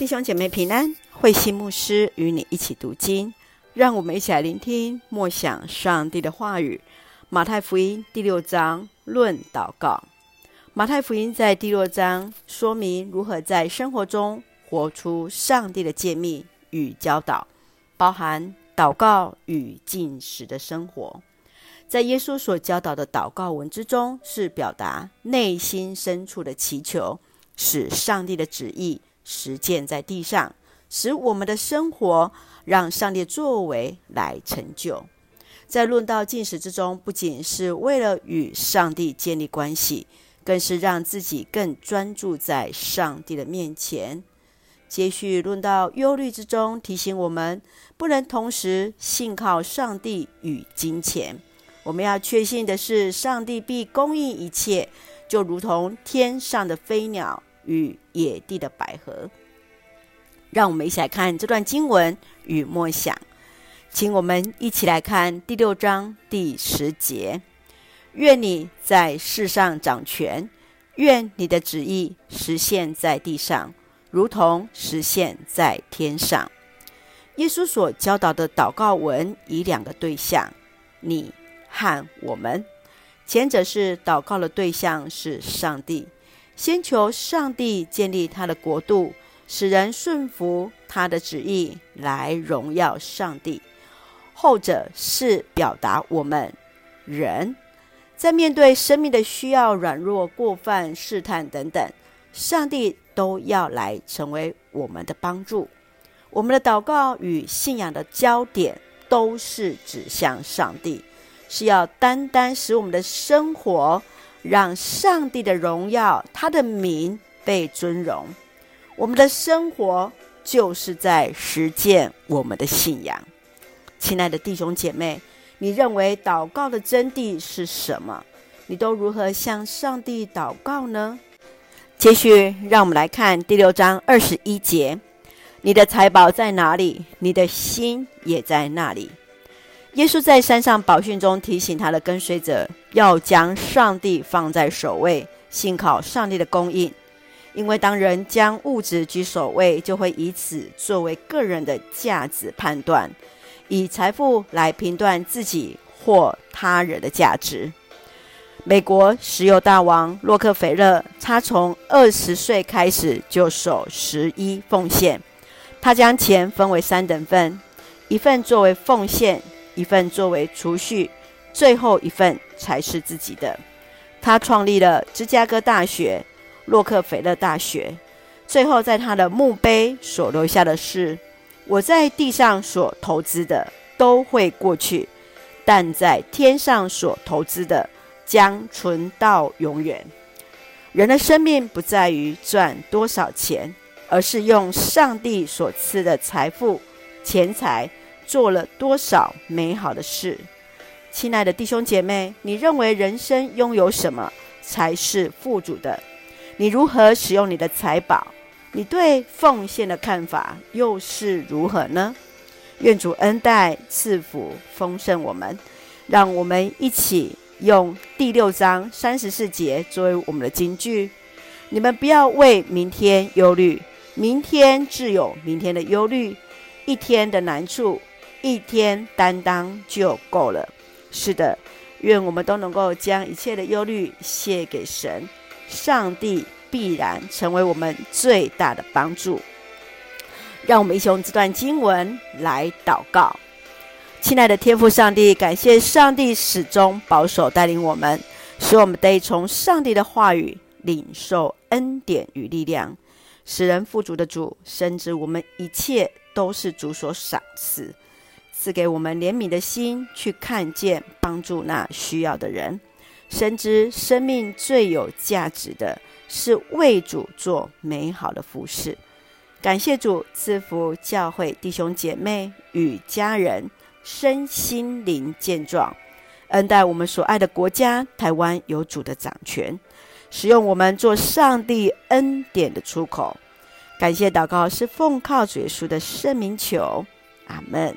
弟兄姐妹平安，慧馨牧師與你一起讀經，讓我們一起來聆聽默想上帝的話語。馬太福音第六章論禱告。馬太福音在第六章說明如何在生活中活出上帝的誡命與教導，包含禱告與禁食的生活。在耶穌所教導的禱告文之中，是表達內心深處的祈求，使上帝的旨意。實踐在地上，使我們的生活讓上帝的作為來成就。在論到禁食之中，不僅是為了與上帝建立關係，更是讓自己更專注在上帝的面前。接續論到憂慮之中，提醒我們不能同時信靠上帝與金錢。我們要確信的是，上帝必供應一切，就如同天上的飛鳥。與野地的百合，讓我們一起來看這段經文與默想，請我們一起來看第六章第十節。願你在世上掌權，願你的旨意實現在地上，如同實現在天上。耶穌所教導的禱告文以兩個對象：你和我們。前者是禱告的對象是上帝。先求上帝建立他的國度，使人順服他的旨意來榮耀上帝。後者是表達我們人在面對生命的需要、軟弱、過犯試探等等，上帝都要來成為我們的幫助。我們的禱告與信仰的焦點都是指向上帝，是要單單使我們的生活。讓上帝的榮耀，他的名被尊榮。我們的生活就是在實踐我們的信仰。親愛的弟兄姐妹，你認為禱告的真諦是什麼？你都如何向上帝禱告呢？接續，讓我們來看第六章二十一節：你的財寶在哪裡？你的心也在那裡。耶穌在山上寶訓中提醒他的跟隨者要將上帝放在首位，信靠上帝的供應。因為當人將物質居首位，就會以此作為個人的價值判斷，以財富來評斷自己或他人的價值。美國石油大王洛克斐勒，他從二十歲開始就守十一奉獻，他將錢分為三等份，一份作為奉獻。一份作為儲蓄，最後一份才是自己的。他創立了芝加哥大學、洛克菲勒大學。最後，在他的墓碑所留下的是：“我在地上所投資的都會過去，但在天上所投資的將存到永遠。”人的生命不在於賺多少錢，而是用上帝所賜的財富、錢財。做了多少美好的事，親愛的弟兄姐妹，你認為人生擁有什麼才是富足的？你如何使用你的財寶？你對奉獻的看法又是如何呢？願主恩待賜福豐盛我們，讓我們一起用第六章三十四節作為我們的金句。你們不要為明天憂慮，明天自有明天的憂慮，一天的難處。一天擔當就夠了。是的，願我們都能夠將一切的憂慮卸給神，上帝必然成為我們最大的幫助。讓我們一起用這段經文來禱告：親愛的天父上帝，感謝上帝始終保守帶領我們，使我們得以從上帝的話語領受恩典與力量，使人富足的主，深知我們一切都是主所賞賜。賜給我們憐憫的心，去看見幫助那需要的人。深知生命最有價值的是為主做美好的服事。感謝主賜福教會弟兄姐妹與家人身心靈健壯，恩待我們所愛的國家台灣，有主的掌權，使用我們做上帝恩典的出口。感謝禱告是奉靠主耶穌的聖名求，阿門。